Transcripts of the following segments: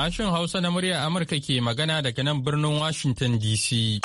Sashen Hausa na murya Amurka ke magana daga nan birnin Washington DC.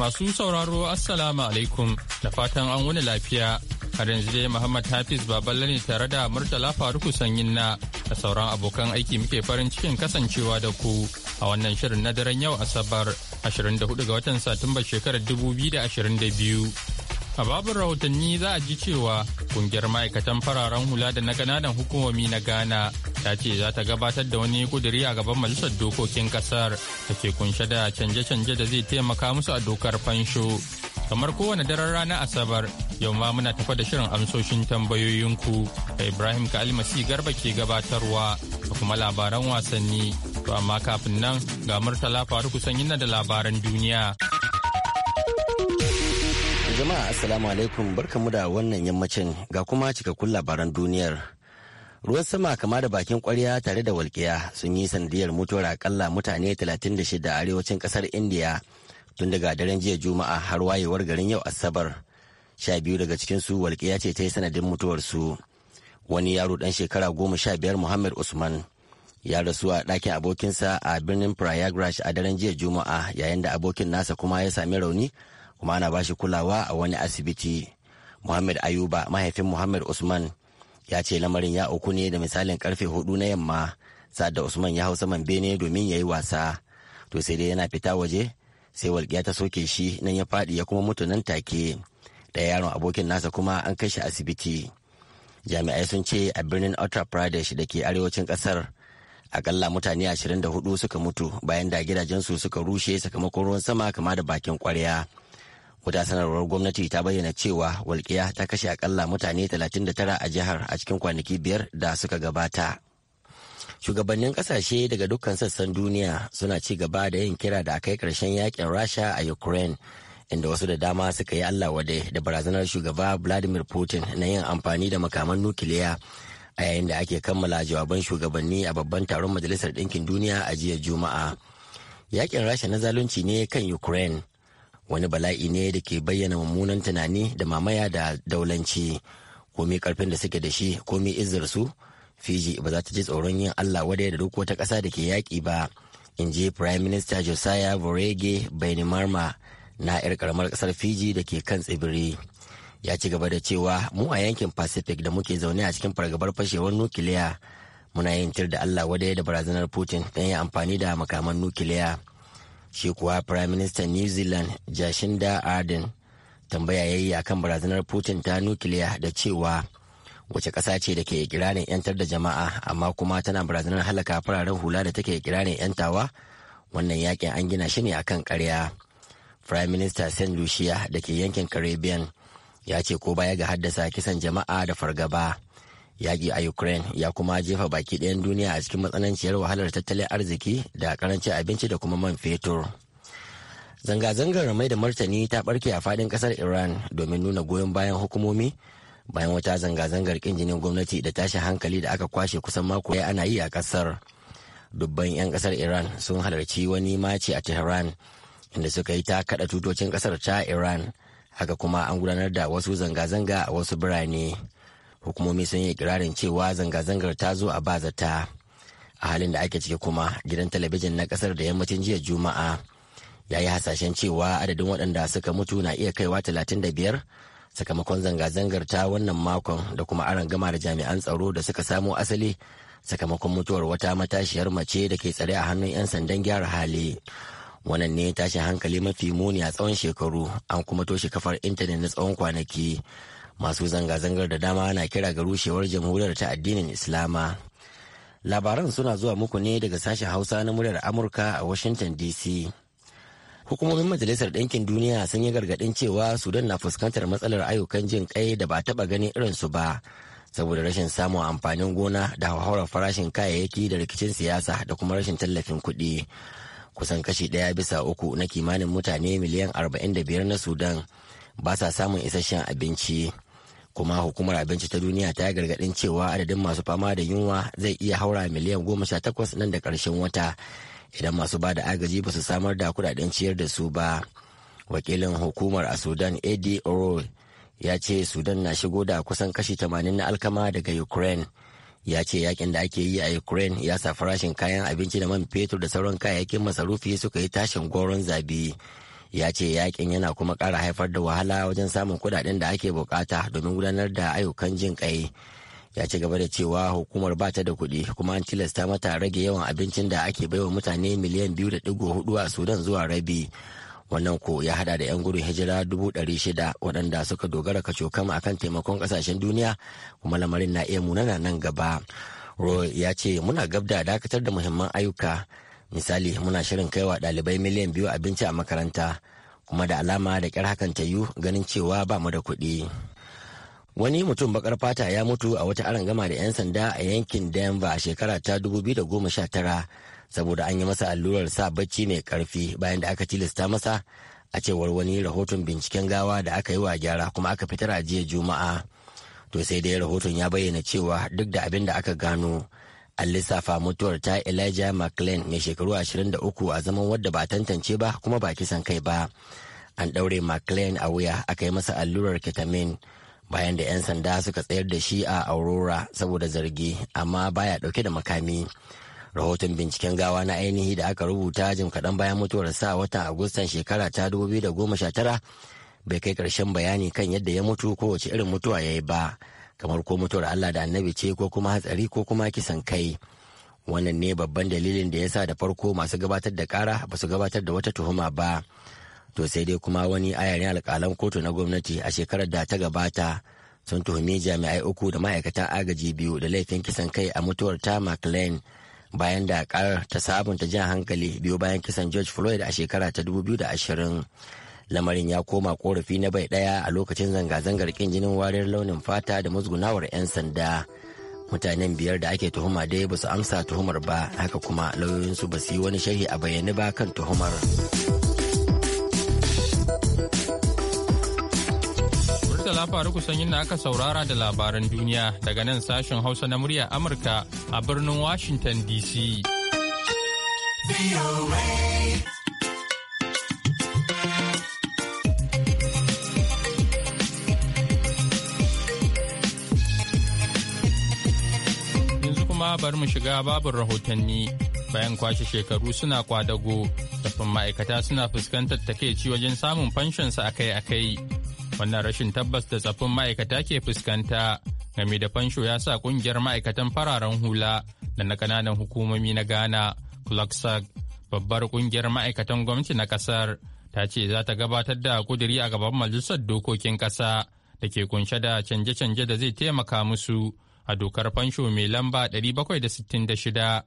Masu sauraro Assalamu alaikum da fatan an wuni lafiya. Har yanzu dai Muhammad Hafiz Baballe ne tare da Murtala Faruku Sanyin na da sauran abokan aiki muke farin cikin kasancewa da ku a wannan shirin na daren yau Asabar 24 ga watan Satumba shekarar 2022. A babin rahotanni za a ji cewa kungiyar ma'aikatan fararen hula da na kananan hukumomi na Ghana ta ce za ta gabatar da wani kuduri a gaban majalisar dokokin kasar da ke kunshe da canje-canje da zai taimaka musu a dokar fansho. Kamar kowane daren rana Asabar, yau ma muna tafa da shirin amsoshin tambayoyinku da Ibrahim Kalmasi Garba ke gabatarwa da kuma labaran wasanni. To amma kafin nan ga Murtala Faruku sanyi da labaran duniya. jama'a assalamu alaikum barkamu da wannan yammacin ga kuma cikakkun labaran duniyar ruwan sama kama da bakin kwarya tare da walƙiya sun yi sanadiyar mutuwar akalla mutane 36 a arewacin kasar Indiya tun daga daren jiya juma'a har wayewar garin yau asabar sha biyu daga cikinsu walƙiya ce ta yi sanadin mutuwarsu wani yaro dan shekara goma sha biyar muhammad usman ya rasu a ɗakin abokinsa a birnin prayagraj a daren jiya juma'a yayin da abokin nasa kuma ya sami rauni kuma ana bashi kulawa a wani asibiti muhammad ayuba mahaifin muhammad usman ya ce lamarin ya uku ne da misalin karfe hudu na yamma sa'ad da usman ya hau saman bene domin ya yi wasa to sai dai yana fita waje sai walƙiya ta soke shi nan ya faɗi ya kuma mutu nan take da yaron abokin nasa kuma an kashe asibiti jami'ai sun ce a birnin uttar pradesh da ke arewacin ƙasar akalla mutane ashirin da hudu suka mutu bayan da gidajensu suka rushe sakamakon ruwan sama kama da bakin kwarya Wata sanarwar gwamnati ta bayyana cewa walƙiya ta kashe akalla mutane 39 a jihar a cikin kwanaki biyar da suka gabata. Shugabannin kasashe daga dukkan sassan duniya suna ci gaba da yin kira da akai ƙarshen yakin Rasha a Ukraine, inda wasu da dama suka yi Allah wade da barazanar shugaba Vladimir Putin na yin amfani da makaman nukiliya a yayin da ake kammala jawaban shugabanni a babban taron Majalisar Ɗinkin Duniya a jiya Juma'a. Yakin Rasha na zalunci ne kan Ukraine. wani bala'i ne da ke bayyana mummunan tunani da mamaya da daulanci komi karfin da suke da shi komi izar su fiji ba za ta ji tsoron yin allah wadai da duk wata ƙasa da ke yaƙi ba in ji prime minister josiah vorege bainimarma na 'yar karamar ƙasar fiji da ke kan tsibiri ya ci gaba da cewa mu a yankin pacific da muke zaune a cikin fargabar fashewar nukiliya muna yin tir da allah wadai da barazanar putin don yi amfani da makaman nukiliya shi kuwa prime minister new zealand jacinda ardern tambaya yayi akan barazanar putin ta nukiliya da cewa wace ƙasa ce da ke kiranin 'yantar da jama'a amma kuma tana barazanar halaka fararen hula da take kiranin 'yantawa wannan yakin an gina shi ne akan karya prime minister saint lucia da ke yankin caribbean ya ce ko baya ga haddasa kisan jama'a da fargaba yaƙi a ukraine ya kuma jefa baki ɗayan duniya a cikin matsananciyar wahalar tattalin arziki da karancin abinci da kuma man fetur zanga-zangar mai da martani ta ɓarke a faɗin ƙasar iran domin nuna goyon bayan hukumomi bayan wata zanga-zangar kin jinin gwamnati da tashin hankali da aka kwashe kusan mako ya ana yi a ƙasar dubban 'yan ƙasar iran sun halarci wani maci a tehran inda suka yi ta kaɗa tutocin ƙasar ta iran haka kuma an gudanar da wasu zanga-zanga a wasu birane. hukumomi sun yi ikirarin cewa zanga-zangar ta zo a bazata a halin da ake ciki kuma gidan talabijin na kasar da yammacin jiya juma'a ya yi hasashen cewa adadin waɗanda suka mutu na iya kaiwa talatin da biyar? sakamakon zanga-zangar ta wannan makon da kuma aron gama da jami'an tsaro da suka samo asali sakamakon mutuwar wata matashiyar mace da ke tsare a hannun 'yan sandan gyara hali wannan ne tashin hankali mafi muni a tsawon shekaru an kuma toshe kafar intanet na tsawon kwanaki masu zanga-zangar da dama na kira ga rushewar jamhuriyar ta addinin islama labaran suna zuwa muku ne daga sashen hausa na muryar amurka a washington dc hukumomin majalisar ɗinkin duniya sun yi gargaɗin cewa sudan na fuskantar matsalar ayyukan jin kai da ba taɓa ganin irinsu ba saboda rashin samun amfanin gona da hauhawar farashin kayayyaki da rikicin siyasa da kuma rashin tallafin kuɗi kusan kashi ɗaya bisa uku na kimanin mutane miliyan arba'in da biyar na sudan ba sa samun isasshen abinci kuma hukumar abinci ta duniya ta yi gargaɗin cewa adadin masu fama da yunwa zai iya haura miliyan goma sha takwas nan da ƙarshen wata idan masu ba da agaji ba su samar da kudaden ciyar da su ba wakilin hukumar a sudan ad oro ya ce sudan na shigo da kusan kashi 80 na alkama daga ukraine ya ce yakin da ake yi a ukraine ya sa farashin kayan abinci da man fetur da sauran kayayyakin masarufi suka yi tashin goron zabi ya ce yakin yana kuma ƙara haifar da wahala wajen samun kudaden da ake bukata domin gudanar da ayyukan jin kai ya ci gaba da cewa hukumar ba ta da kuɗi kuma an tilasta mata rage yawan abincin da ake baiwa mutane miliyan biyu da digo hudu a sudan zuwa rabi wannan ko ya hada da 'yan gudun hijira dubu ɗari shida waɗanda suka dogara ka a akan taimakon ƙasashen duniya kuma lamarin na iya munana nan gaba roy ya ce muna gabda, dakatar da muhimman ayyuka misali muna shirin kai wa ɗalibai miliyan biyu abinci a makaranta kuma da alama da ƙyar hakan ta yiwu ganin cewa ba mu da kuɗi wani mutum bakar fata ya mutu a wata arangama da 'yan sanda a yankin denver a shekara ta 2019 saboda an yi masa allurar sa bacci mai karfi bayan da aka tilasta masa a cewar wani rahoton binciken gawa da aka yi wa gyara kuma aka fitar a jiya juma'a to sai dai rahoton ya bayyana cewa duk da abin da aka gano an lissafa mutuwar ta elijah mclean mai shekaru 23 a zaman wadda ba tantance ba kuma ba kisan kai ba an ɗaure mclean a wuya aka yi masa allurar ketamine bayan da 'yan sanda suka tsayar da shi a aurora saboda zargi amma baya ɗauke da makami rahoton binciken gawa na ainihi da aka rubuta jim kaɗan bayan mutuwarsa a watan agustan shekara ta sha tara bai kai ƙarshen bayani kan yadda ya mutu kowace irin mutuwa ya yi ba kamar ko mutuwar Allah da annabi ce ko kuma hatsari ko kuma kisan kai wannan ne babban dalilin da ya sa da farko masu gabatar da kara ba su gabatar da wata tuhuma ba to sai dai kuma wani ayarin alƙalan kotu na gwamnati a shekarar da ta gabata sun tuhumi jami'ai uku da ma'aikatan agaji biyu da laifin kisan kai a mutuwar ta mclean bayan da karar ta sabunta jan hankali biyu bayan kisan george floyd a shekara ta 2020 lamarin ya koma korafi na bai daya a lokacin zanga-zangar kin jinin wariyar launin fata da musgunawar 'yan sanda mutanen biyar da ake tuhuma dai ba su amsa tuhumar ba haka kuma lauyoyinsu ba su yi wani sharhi a bayyane ba kan tuhumar Murtala Faruku sanyin na aka saurara da labaran duniya daga nan sashen Hausa na murya Amurka a birnin Washington DC. bari mu shiga babin rahotanni bayan kwashe shekaru suna kwadago tafin ma'aikata suna fuskantar takeici wajen samun fanshinsa akai-akai wannan rashin tabbas da tsafin ma'aikata ke fuskanta game da fansho ya sa kungiyar ma'aikatan fararen hula da na kananan hukumomi na ghana clocksack babbar kungiyar ma'aikatan gwamnati na kasar ta ce za ta gabatar da kuduri a gaban majalisar dokokin kasa da ke kunshe da canje-canje da zai taimaka musu a dokar fansho mai lamba 766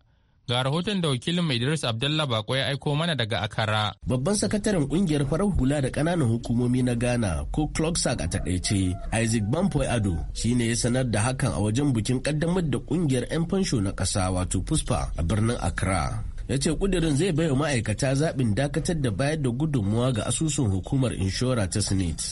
ga rahoton da wakilin mai Idris Abdullah Bako ya aiko mana daga Akara. Babban sakataren kungiyar farar hula da kananan hukumomi na Ghana ko Clocksack a takaice Isaac Bampoy Ado shine ya sanar da hakan a wajen bukin kaddamar da kungiyar 'yan fansho na ƙasa wato Puspa a birnin Accra. ya ce kudirin zai baiwa ma'aikata zaɓin dakatar da bayar da gudunmuwa ga asusun hukumar inshora ta senate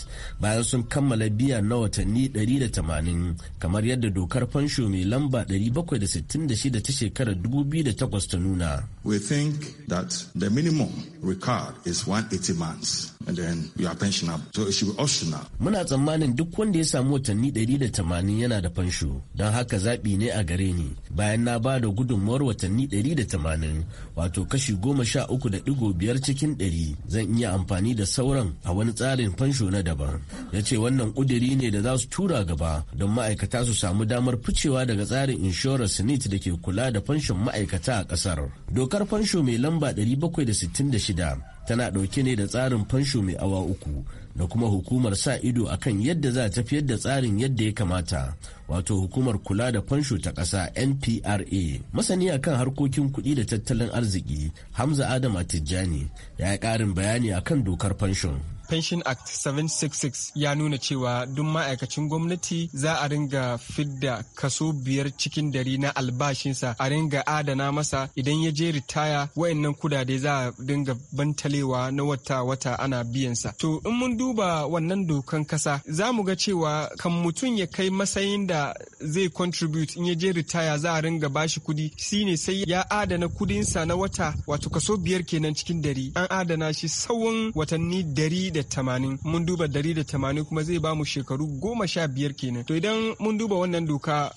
bayan sun kammala biya na watanni 180 kamar yadda dokar fansho mai lamba 766 ta shekarar 2008 ta nuna we think that the minimum record is 180 months and then you are pensionable so it should be optional muna tsammanin duk wanda ya samu watanni 180 yana da fansho don haka zaɓi ne a gare ni bayan na ba da gudunmuwar watanni 180 wato kashi goma sha uku da digo biyar cikin ɗari zan iya amfani da sauran a wani tsarin fansho na daban ya ce wannan ƙudiri ne da za su tura gaba don ma'aikata su samu damar ficewa daga tsarin inshorar sinit da ke kula da fanshon ma'aikata a ƙasar dokar fansho mai lamba bakwai da da sittin shida tana ɗauke ne da tsarin fansho mai awa uku da kuma hukumar sa ido akan yadda za a tafiyar da tsarin yadda ya kamata wato hukumar kula da fansho ta ƙasa npra masani akan harkokin kuɗi da tattalin arziki hamza adama tijjani ya yi ƙarin bayani akan dokar fanshon Pension Act 766 ya nuna cewa duk ma'aikacin gwamnati za a ringa fidda kaso biyar cikin dari na albashinsa a ringa adana masa idan ya je ritaya wayannan kudade za a dinga bantalewa na wata-wata ana biyansa. To in mun duba wannan dokan kasa za mu ga cewa kan mutum ya kai matsayin da zai contribute in ya je ritaya za a ringa bashi kudi shine sai ya adana kudinsa na wata wato kaso biyar kenan cikin dari an adana shi tsawon watanni dari da 180 mun duba 180 kuma zai bamu shekaru goma sha biyar kenan to idan mun duba wannan doka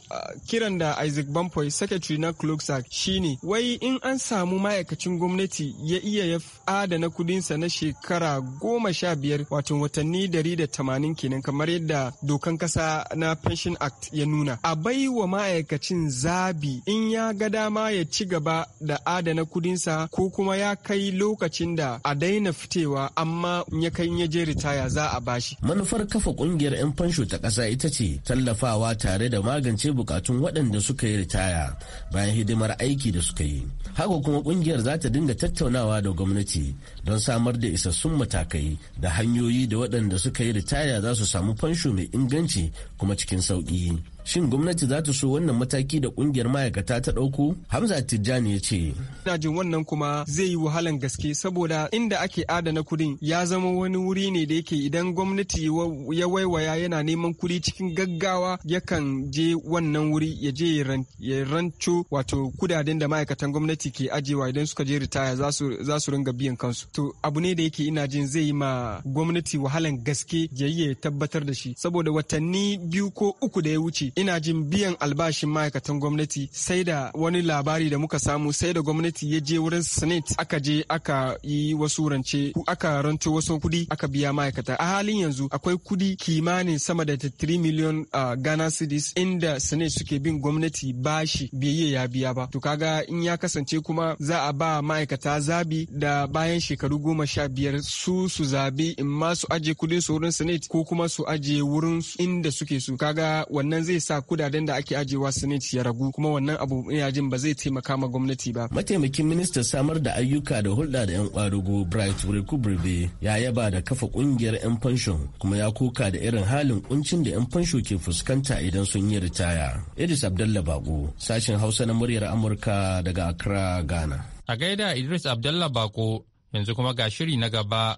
kiran da Isaac Bampoy secretary na Clocksack shine wai in an samu ma'aikacin gwamnati ya iya ya adana kudinsa na shekara goma sha biyar wato watanni da 180 kenan kamar yadda dokan kasa na pension act ya nuna a bai wa ma'aikacin zabi in ya ga dama ya ci gaba da adana kudinsa ko kuma ya kai lokacin da a daina fitewa amma ya kai in ya je ritaya za a bashi. Manufar kafa kungiyar 'yan fansho ta ƙasa ita ce tallafawa tare da magance bukatun waɗanda suka yi ritaya bayan hidimar aiki da suka yi. Haka kuma kungiyar za ta dinga tattaunawa da gwamnati don samar da isassun matakai da hanyoyi da waɗanda suka yi ritaya za su samu fansho mai inganci kuma cikin sauƙi. Shin gwamnati za ta so wannan mataki da kungiyar ma'aikata ta ɗauko? Hamza Tijjani ya ce. Ina jin wannan kuma zai yi wahalan gaske saboda inda ake adana kudin ya zama wani wuri ne da yake idan gwamnati ya waiwaya yana neman kudi cikin gaggawa yakan je wannan wuri ya je ya ranco wato kudaden da ma'aikatan gwamnati ke ajewa idan suka je ritaya za su ringa biyan kansu. To abu ne da yake ina jin zai yi ma gwamnati wahalan gaske ya yi ya tabbatar da shi saboda watanni biyu ko uku da ya wuce ina jin biyan albashin ma'aikatan gwamnati sai da wani labari da muka samu sai da gwamnati ya je wurin senate aka je aka yi wasu rance aka ranto wasu kudi aka biya ma'aikata a halin yanzu akwai kudi kimanin sama da 3 miliyon uh, ghana cedis inda senate suke bin gwamnati bashi biyayya ya biya ba to kaga in ya kasance kuma za a ba ma'aikata zabi da bayan shekaru goma sha biyar su su zabi in ma su aje kudin su wurin senate ko kuma su aje wurin inda suke su kaga wannan zai sa kudaden da ake ajiyewa senate ya ragu kuma wannan abu ina jin ba zai taimaka ma gwamnati ba mataimakin minista samar da ayyuka da hulɗa da yan kwadugo bright rekubrebe ya yaba da kafa kungiyar yan fanshon kuma ya kuka da irin halin kuncin da yan fansho ke fuskanta idan sun yi ritaya idris abdallah bako sashen hausa na muryar amurka daga accra ghana a gaida idris abdallah bako yanzu kuma ga shiri na gaba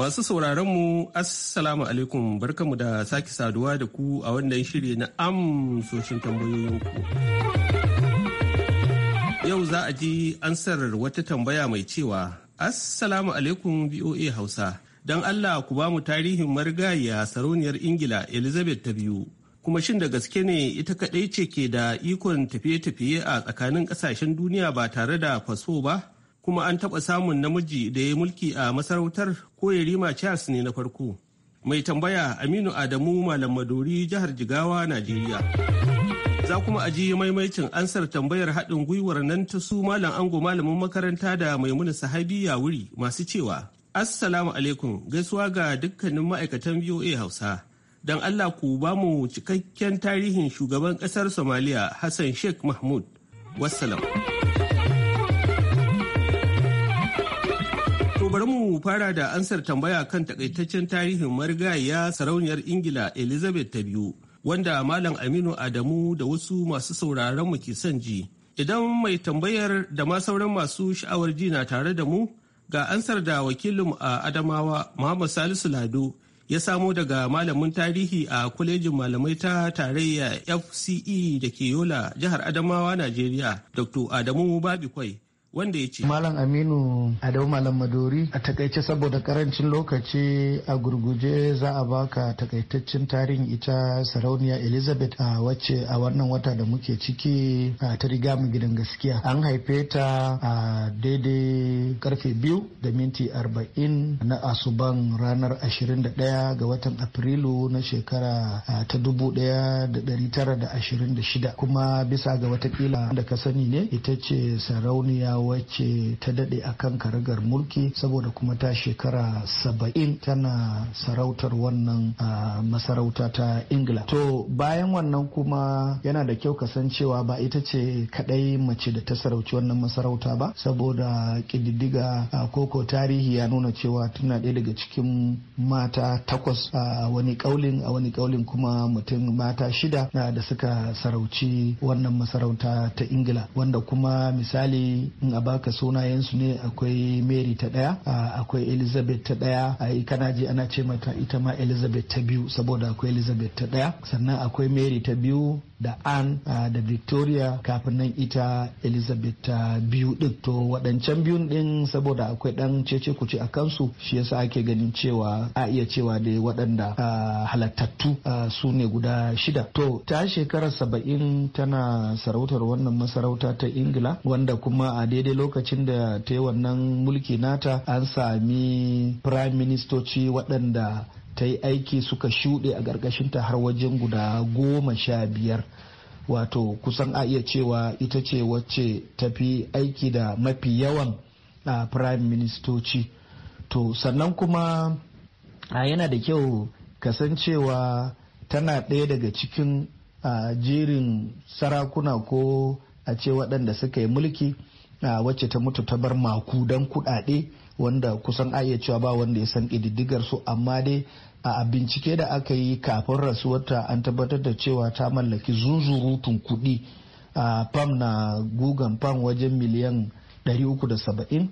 Masu sauraronmu, Assalamu alaikum barkamu da sake saduwa da ku a wannan shiri na amsoshin tambayoyinku. Yau za a ji ansar wata tambaya mai cewa, Assalamu alaikum BOA Hausa, don Allah ku ba mu tarihin marigayiya sarauniyar Ingila Elizabeth ta biyu. Kuma shin da gaske ne ita kaɗai ce ke da ikon tafiye-tafiye a tsakanin ƙasashen duniya ba tare da faso ba? kuma an taɓa samun namiji da ya mulki a masarautar ko ya rima charles ne na farko mai tambaya aminu adamu malam madori jihar jigawa najeriya za kuma aji maimaicin ansar tambayar haɗin gwiwar nan ta su malam ango malamin makaranta da maimuna sahabi ya wuri masu cewa assalamu alaikum gaisuwa ga dukkanin ma'aikatan voa hausa don allah ku ba mu cikakken tarihin shugaban ƙasar somaliya hassan sheikh mahmud wassalam. bari mu fara da ansar tambaya kan takaitaccen tarihin marigayya sarauniyar Ingila Elizabeth ta biyu, wanda Malam Aminu Adamu da wasu masu sauraron mu ke son ji. Idan mai tambayar da ma sauran masu sha'awar ji na tare da mu, ga ansar da wakilinmu a Adamawa Muhammad Salisu Lado ya samo daga malamin tarihi a kwalejin malamai ta tarayya FCE da ke Yola, jihar Adamawa, Najeriya, Dr. Adamu Babikwai. wanda ya ce malam aminu adau malam madori a takaice saboda karancin lokaci a gurguje za a baka takaitaccen tarihin ita sarauniya elizabeth a wacce a wannan wata da muke ciki a ta riga mu gidan gaskiya an haife ta a daidai karfe biyu da minti arba'in na asuban ranar 21 ga watan afrilu na shekara ta dubu tara da da ashirin shida kuma bisa ga watakila da ka sani ne ita ce sarauniya wacce ta daɗe akan karagar mulki saboda kuma ta shekara saba'in tana sarautar wannan masarauta ta ingila to bayan wannan kuma yana da kyau cewa ba ita ce kadai mace da ta sarauci wannan masarauta ba saboda ƙididdiga koko tarihi ya nuna cewa tana ɗaya daga cikin mata takwas a wani kaulin a wani kaulin kuma mutum mata shida da suka sarauci wannan masarauta ta ingila wanda kuma misali a baka sunayensu ne akwai mary ta daya akwai elizabeth ta daya a kana ji ana ce mata ita ma elizabeth ta biyu saboda akwai elizabeth ta daya sannan akwai mary ta biyu da an da victoria kafin nan ita elizabeth ta biyu din to waɗancan biyun din saboda akwai ɗan cece kuce a kansu shi yasa ake ganin cewa a iya cewa da waɗanda halattattu su ne guda shida to ta shekarar saba'in tana sarautar wannan masarauta ta ingila wanda kuma a dai daidai lokacin da ta yi wannan mulki nata an sami prime ministoci waɗanda ta yi aiki suka shuɗe a ƙarƙashin ta har wajen guda goma sha biyar wato kusan a iya cewa ita ce wacce tafi aiki da mafi yawan a prime ministoci to sannan kuma a yana da kyau kasancewa tana ɗaya daga cikin a jerin sarakuna ko a ce waɗanda suka yi mulki wacce ta mutu ta bar maku makudan kuɗaɗe wanda kusan ayyacewa cewa ba wanda ya san ƙididdigar su amma dai a bincike da aka yi kafin rasuwarta an tabbatar da cewa ta mallaki zunzurutun kuɗi a fam na gugan fam wajen miliyan 370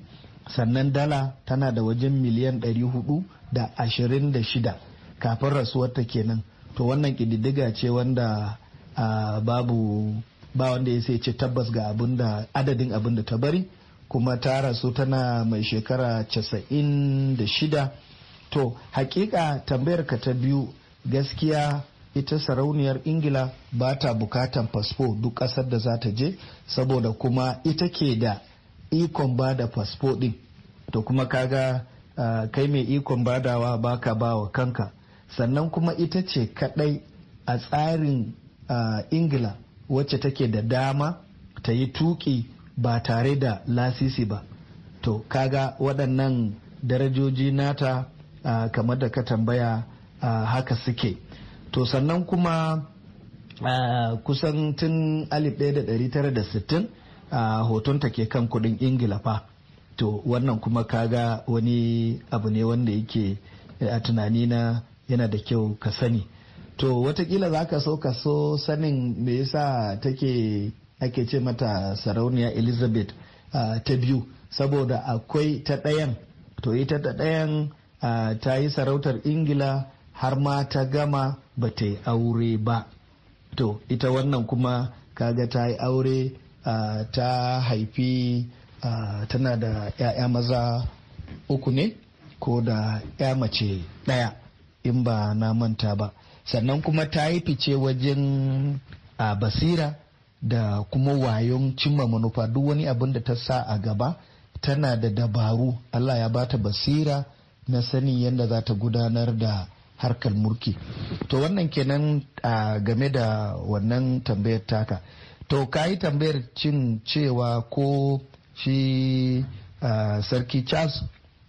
sannan dala tana da wajen miliyan 426 kafin rasuwarta kenan to wannan ƙididdiga ce wanda babu ba wanda ya ce tabbas ga abin da adadin abin ta bari kuma ta rasu tana mai shekara 96 to hakika tambayar ka ta biyu gaskiya ita sarauniyar ingila ba ta bukatan fasfo duk ƙasar da za ta je saboda kuma ita ke da ikon ba da fasfo din. to kuma kaga uh, kai mai ikon badawa ba ka ba wa kanka sannan kuma ita ce kadai a tsarin uh, ingila wacce take da dama ta yi tuki ba tare da lasisi ba to kaga waɗannan darajoji nata uh, kamar da ka tambaya uh, haka suke to sannan kuma uh, kusan tun 1960 uh, hotonta ke kan kudin ingila fa to wannan kuma kaga wani abu ne wanda yake a tunanina yana da kyau ka sani to watakila za ka so ka so sanin me yasa take ake ce mata sarauniya elizabeth uh, ta biyu saboda akwai ta ɗayan to ita ta ɗayan uh, ta yi sarautar ingila har ma ta gama ba ta yi aure ba to ita wannan kuma kaga ta yi aure uh, ta haifi uh, tana da 'ya'ya maza uku ne ko da 'ya mace ɗaya in ba na manta ba sannan kuma ta yi fice wajen a basira da kuma wayon cimma manufa duk wani abin da ta sa a gaba tana da dabaru Allah ya bata basira na sani yadda za ta gudanar da harkar mulki to wannan kenan a game da wannan tambayar taka to ka yi tambayar cin cewa ko shi sarki charles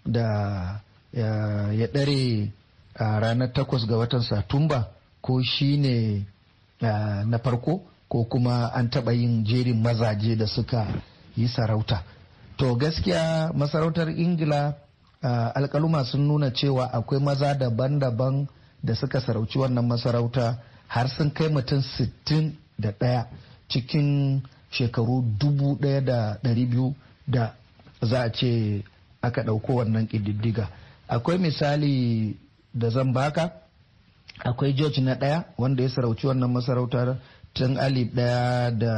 da ya ɗare a ranar takwas ga watan satumba ko shi ne na farko ko kuma an taɓa yin jerin mazaje da suka yi sarauta to gaskiya masarautar ingila alkaluma sun nuna cewa akwai maza daban-daban da suka sarauci wannan masarauta har sun kai mutum sittin da ɗaya cikin shekaru dubu ɗaya da ɗari biyu da za a ce aka ɗauko wannan ƙididdiga akwai misali da zan baka akwai george na ɗaya wanda ya sarauci wannan masarautar tun alif ɗaya da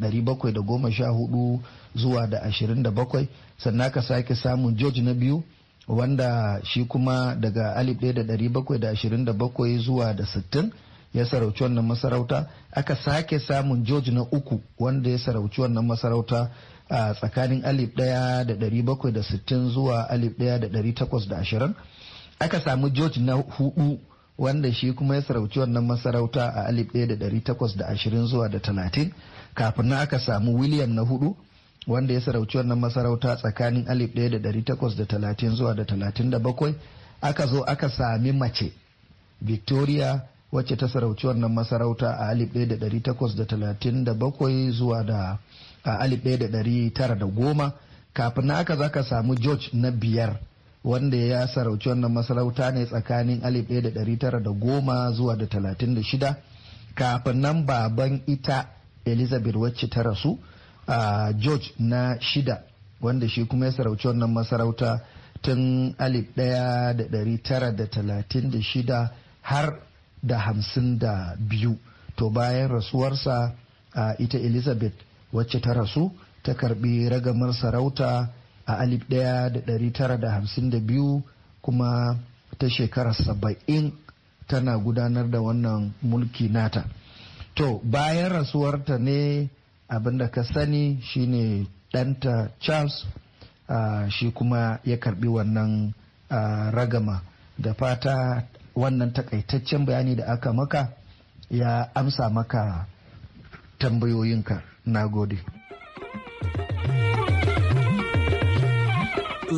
ɗari bakwai da goma sha hudu zuwa da ashirin da bakwai sannan ka sake samun george na biyu wanda shi kuma daga alif ɗaya da ɗari bakwai da ashirin da bakwai zuwa da sittin ya sarauci wannan masarauta aka sake samun george na uku wanda ya sarauci wannan masarauta a tsakanin alif ɗaya da ɗari bakwai da sittin zuwa alif ɗaya da ɗari takwas da ashirin aka samu george na hudu wanda shi kuma ya sarauci wannan masarauta a 1820 zuwa da 30 kafin na aka samu william na hudu wanda ya sarauci wannan masarauta tsakanin 1830 zuwa da 37 aka zo aka sami mace victoria wacce ta sarauci wannan masarauta a 1837 zuwa da 1910 kafin na aka zaka samu george na biyar wanda ya sarauci wannan masarauta ne tsakanin 1910 zuwa da 36 kafin nan baban ita elizabeth wacce ta rasu a george na shida wanda shi kuma ya sarauci wannan masarauta tun 1936 har da hamsin da biyu to bayan rasuwarsa a ita elizabeth wacce ta rasu ta karbi ragamar sarauta a 1952 kuma ta shekarar saba'in tana gudanar da wannan mulki nata to bayan rasuwarta ne abinda ka sani shine ɗanta charles uh, shi kuma ya karbi wannan uh, ragama da fata wannan takaitaccen bayani da aka maka ya amsa maka tambayoyinka na gode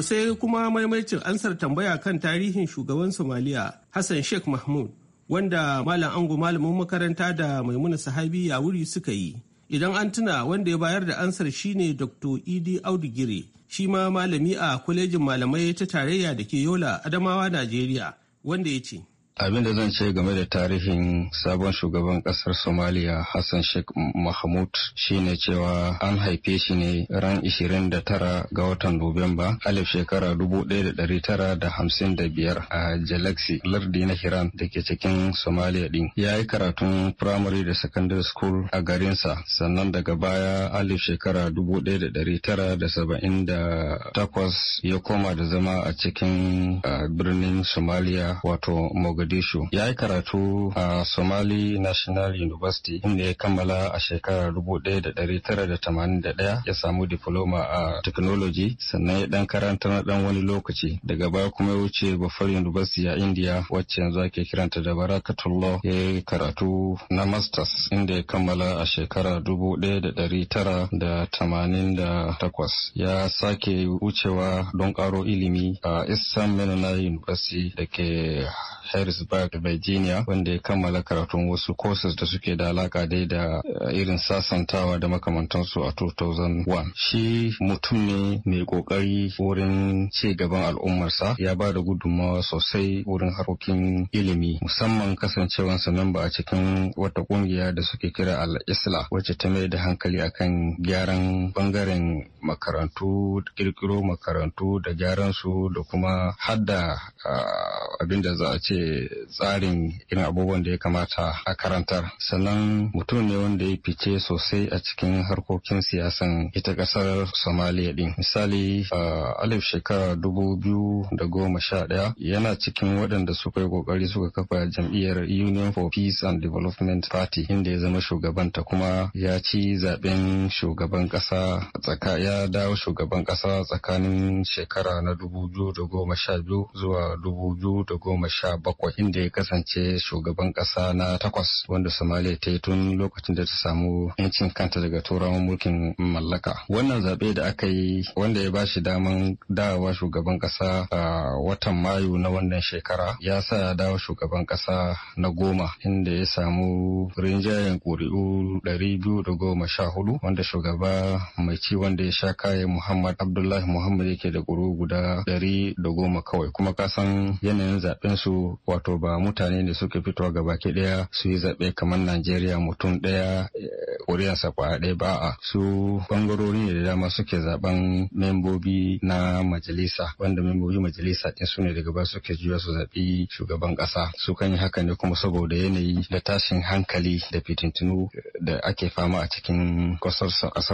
sai kuma maimaicin ansar tambaya kan tarihin shugaban Somaliya Hassan Sheikh Mahmud wanda Malam Ango malamin makaranta da Maimuna Sahabi ya wuri suka yi. Idan an tuna wanda ya bayar da ansar shine Dr. Idi Audu Gire, shi ma malami a kwalejin malamai ta tarayya da ke Yola, Adamawa, Najeriya, wanda ya ce. abin da zan ce game da tarihin sabon shugaban kasar somaliya hassan sheikh mahmud shine cewa an haife shi ne ran 29 ga watan nuwamba alif shekara 1955 a jalaxy lardi na hiran da ke cikin somaliya din ya yi karatun primary da secondary school a garinsa sannan daga baya alif shekara 1978 ya koma da zama a cikin birnin somaliya wato mogadishu Mogadishu ya yi karatu a Somali National University inda ya kammala a shekarar 1981 ya samu diploma a technology sannan ya dan karanta na dan wani lokaci daga baya kuma ya wuce Bafar University a India wacce yanzu ake kiranta da Barakatullah ya yi karatu na masters inda ya kammala a shekarar 1988 ya sake wucewa don karo ilimi a Eastern Menonai University da ke Harry da Virginia, wanda ya kammala karatun wasu courses da suke da alaka dai da eh, irin sasantawa da makamantansu a 2001. Shi mutum ne mai kokari wurin ci gaban al'ummarsa ya ba da gudunmawa sosai wurin harkokin ilimi musamman kasancewansa memba a cikin wata kungiya da suke kira alisla wacce ta mai da hankali akan gyaran bangaren makarantu kirkiro makarantu da gyaran su da kuma hadda ah, abin da za a ce tsarin irin abubuwan da ya kamata a karantar sannan mutum ne wanda ya fice sosai a cikin harkokin siyasan ita kasar somaliya din misali a alif shekara dubu biyu da goma sha ɗaya yana cikin waɗanda suka yi ƙoƙari suka kafa jam'iyyar union for peace and development party inda ya zama shugabanta kuma ya ci zaben shugaban ƙasa tsaka ya dawo shugaban ƙasa tsakanin shekara na dubu biyu da goma sha biyu zuwa dubu biyu da goma sha bakwai inda ya kasance shugaban ƙasa na takwas wanda Somalia ta yi tun lokacin da ta samu 'yancin kanta daga turawan mulkin mallaka. Wannan zaɓe da aka yi wanda ya bashi daman dawowa shugaban ƙasa a watan Mayu na wannan shekara ya sa ya dawo shugaban ƙasa na goma inda ya samu rinjayen ƙuri'u ɗari biyu da goma sha hudu wanda shugaba mai ci wanda ya sha kayan Muhammad Abdullahi Muhammad yake da ƙuri'u guda ɗari da goma kawai kuma kasan yanayin zaɓen su wato ba mutane ne suke fitowa gabaki daya su yi zaɓe kamar Najeriya mutum daya eh, ƙuri'arsa kwa ɗaya ba a su bangarori ne da dama suke zaben membobi na majalisa wanda membobi majalisa ɗin su ne daga ba suke juya su zaɓi shugaban ƙasa su kan yi haka ne kuma saboda yanayi da tashin hankali da fititunu eh, da ake fama a cikin ƙasar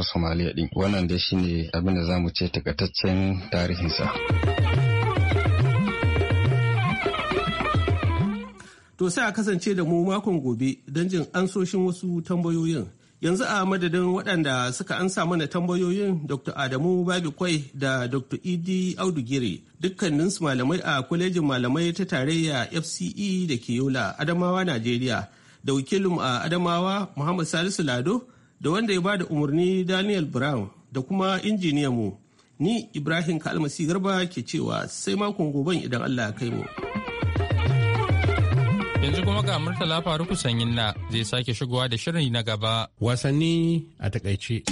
Somaliya ɗin wannan dai shine abin da za mu ce takataccen tarihinsa. To sai a kasance da mu makon gobe don jin ansoshin wasu tambayoyin. Yanzu a madadin waɗanda suka ansa mana tambayoyin Dr. Adamu Babi da Dr. Idi Audu Gire dukkaninsu malamai a kwalejin malamai ta tarayya FCE da ke Yola Adamawa Najeriya da wakilin a Adamawa Muhammad Salisu Lado da wanda ya bada umarni Daniel Brown da kuma injiniyanmu ni Ibrahim Kalmasi Garba ke cewa sai makon goben idan Allah ya kai mu. Yanzu kuma ga Murtala Faruku Sanyin na zai sake shigowa da shirin na gaba. Wasanni a takaice.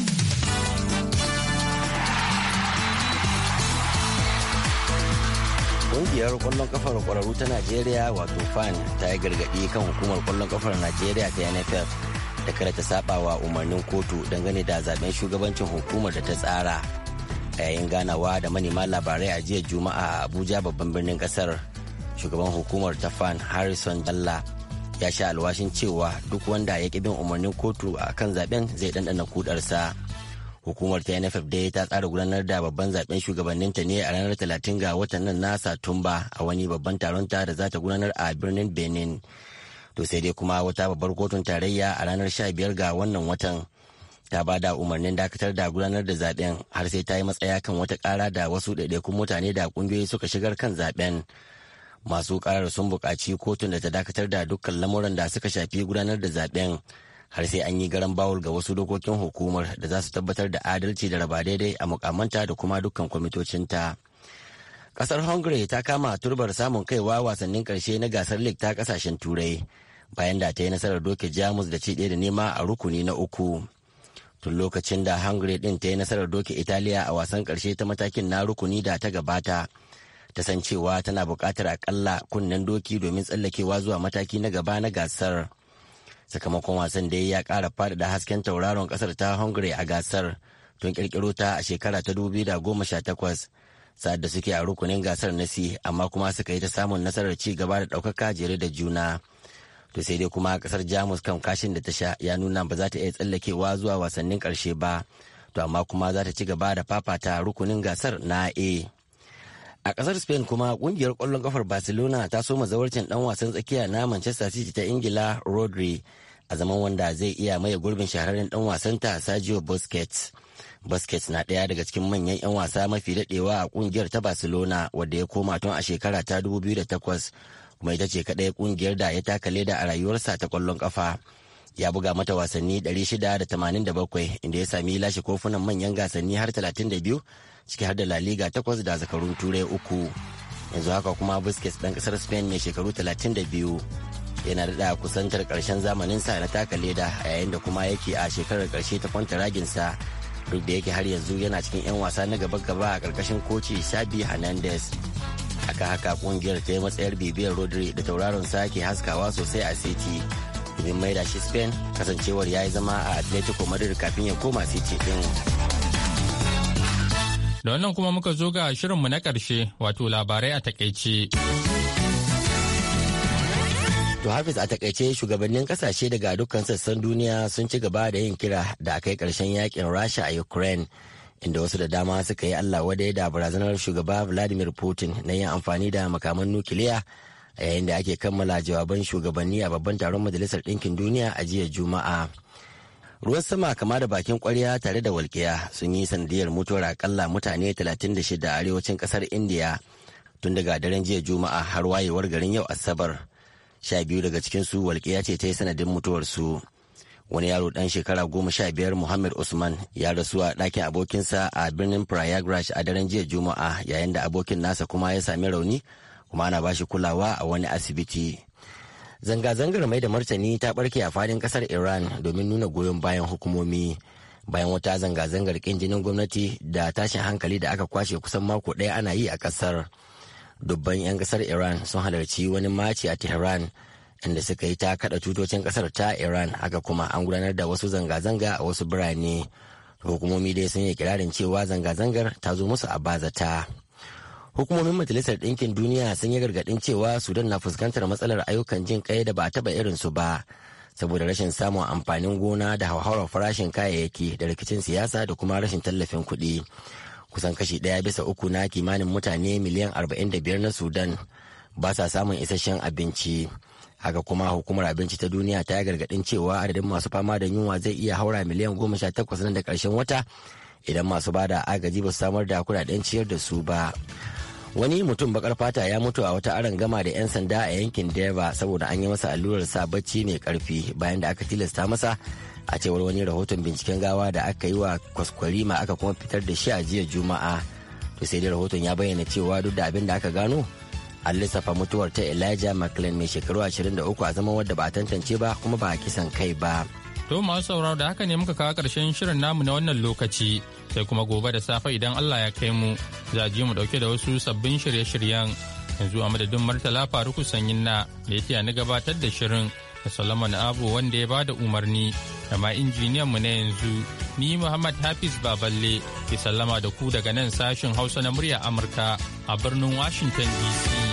Ƙungiyar ƙwallon ƙafar ƙwararru ta Najeriya wato FAN ta yi gargaɗi kan hukumar ƙwallon ƙafar Najeriya ta NFF da kada ta saba wa umarnin kotu dangane da zaben shugabancin hukumar da ta tsara. A yayin ganawa da manema labarai a jiya Juma'a a Abuja babban birnin ƙasar. shugaban hukumar ta fan harrison dalla ya sha alwashin cewa duk wanda ya bin umarnin kotu a kan zaben zai dandana kudarsa hukumar ta nff dai ta tsara gudanar da babban zaben shugabanninta ne a ranar 30 ga watan nan na satumba a wani babban taron ta da za ta gudanar a birnin benin to sai dai kuma wata babbar kotun tarayya a ranar 15 ga wannan watan ta ba da umarnin dakatar da gudanar da zaben har sai ta yi matsaya kan wata kara da wasu ɗaiɗaikun mutane da ƙungiyoyi suka shigar kan zaben masu karar sun buƙaci kotun da ta dakatar da dukkan lamuran da suka shafi gudanar da zaben har sai an yi garan bawul ga wasu dokokin hukumar da za su tabbatar da adalci da raba daidai a mukamanta da kuma dukkan kwamitocinta kasar hungary ta kama turbar samun kaiwa wasannin karshe na gasar league ta kasashen turai bayan da ta yi nasarar doke jamus da ci ɗaya da nema a rukuni na uku tun lokacin da hungary din ta yi nasarar doke italiya a wasan karshe ta matakin na rukuni da ta gabata ta san cewa tana buƙatar akalla kunnen doki domin tsallakewa zuwa mataki na gaba na gasar sakamakon wasan da ya ƙara faɗaɗa hasken tauraron ƙasar ta hungary a gasar tun ƙirƙiro ta a shekara ta 2018 sa'ad da suke a rukunin gasar na si amma kuma suka yi ta samun nasarar ci gaba da ɗaukaka jere da juna to sai dai kuma ƙasar jamus kan kashin da ta sha ya nuna ba za ta iya tsallakewa zuwa wasannin ƙarshe ba to amma kuma za ta ci gaba da fafata rukunin gasar na a A ƙasar Spain kuma kungiyar kwallon kafar Barcelona ta soma zawarcin dan wasan tsakiya na Manchester City ta Ingila Rodri a zaman wanda zai iya maye gurbin shahararren dan ta Sergio Busquets. Busquets na ɗaya daga cikin manyan 'yan wasa mafi daɗewa a kungiyar ta Barcelona wadda ya koma tun a shekara ta 2008 kuma ita ce kaɗai kungiyar da ya taka leda a rayuwarsa ta kwallon kafa. Ya buga mata wasanni 687 inda ya sami lashe kofunan manyan gasanni har 32 ciki har da La Liga takwas da zakarun turai uku. Yanzu haka kuma Busquets ɗan ƙasar Spain mai shekaru 32 yana daɗa kusantar ƙarshen zamanin sa na taka leda a yayin da kuma yake a shekarar ƙarshe ta kwanta raginsa duk da yake har yanzu yana cikin 'yan wasa na gaba-gaba a ƙarƙashin koci Xabi Hernandez. Aka haka kungiyar ta yi matsayar bibiyar Rodri da tauraron sa ke haskawa sosai a City. domin maida shi spain kasancewar ya yi zama a atletico madrid kafin ya koma city din Da wannan kuma muka zo ga shirinmu na ƙarshe wato labarai a takaice. To Hafiz a takaice shugabannin kasashe daga dukkan sassan duniya sun ci gaba da yin kira da aka yi ƙarshen yakin Rasha a Ukraine. Inda wasu da dama suka yi Allah wadai da barazanar shugaba Vladimir Putin na yin amfani da makaman nukiliya a yayin da ake kammala jawaban shugabanni a babban taron Majalisar Ɗinkin Duniya a jiya Juma'a. ruwan sama kama da bakin kwarya tare da walƙiya sun yi sanadiyar mutuwar akalla mutane 36 a arewacin kasar indiya tun daga daren jiya juma'a har wayewar garin yau asabar sha biyu daga cikinsu walƙiya ce ta yi sanadin mutuwarsu wani yaro dan shekara goma sha biyar muhammad usman ya rasu a ɗakin abokinsa a birnin prayagraj a daren jiya juma'a yayin da abokin nasa kuma ya sami rauni kuma ana bashi kulawa a wani asibiti Zanga-zangar mai da martani ta barke a fadin kasar Iran domin nuna goyon bayan hukumomi. Bayan wata zanga-zangar kin jinin gwamnati da tashin hankali da aka kwashe kusan mako ɗaya ana yi a kasar. Dubban 'yan kasar Iran sun halarci wani maci a Tehran inda suka yi ta kada tutocin kasar ta Iran haka kuma an gudanar da wasu zanga-zanga a wasu birane. Hukumomi dai sun yi kirarin cewa zanga-zangar ta zo musu a bazata. hukumomin majalisar ɗinkin duniya sun yi gargaɗin cewa sudan na fuskantar matsalar ayyukan jin kai da ba a taɓa su ba saboda rashin samun amfanin gona da hauhawar farashin kayayyaki da rikicin siyasa da kuma rashin tallafin kuɗi kusan kashi ɗaya bisa uku na kimanin mutane miliyan arba'in da biyar na sudan ba sa samun isasshen abinci haka kuma hukumar abinci ta duniya ta yi gargaɗin cewa adadin masu fama da yunwa zai iya haura miliyan goma sha takwas nan da ƙarshen wata idan masu bada agaji ba su samar da kuɗaɗen ciyar da su ba wani mutum bakar fata ya mutu a wata aron gama da 'yan sanda a yankin deva saboda an yi masa allurar sa bacci mai karfi bayan da aka tilasta masa a cewar wani rahoton binciken gawa da aka yi wa kwaskwarima aka kuma fitar da shi a jiya juma'a to sai dai rahoton ya bayyana cewa duk da abin da aka gano an lissafa mutuwar ta elijah mclean mai shekaru 23 a zama wadda ba a tantance ba kuma ba a kisan kai ba. To masu sauraro da haka ne muka kawo ƙarshen shirin namu na wannan lokaci sai kuma gobe da safe idan Allah ya kai mu za ji mu ɗauke da wasu sabbin shirye-shiryen yanzu a madadin martala Faruku Sanyin na da yake na gabatar da shirin da Solomon Abu wanda ya bada umarni da ma injiniyan mu na yanzu ni Muhammad Hafiz Baballe ke sallama da ku daga nan sashin Hausa na murya Amurka a birnin Washington DC.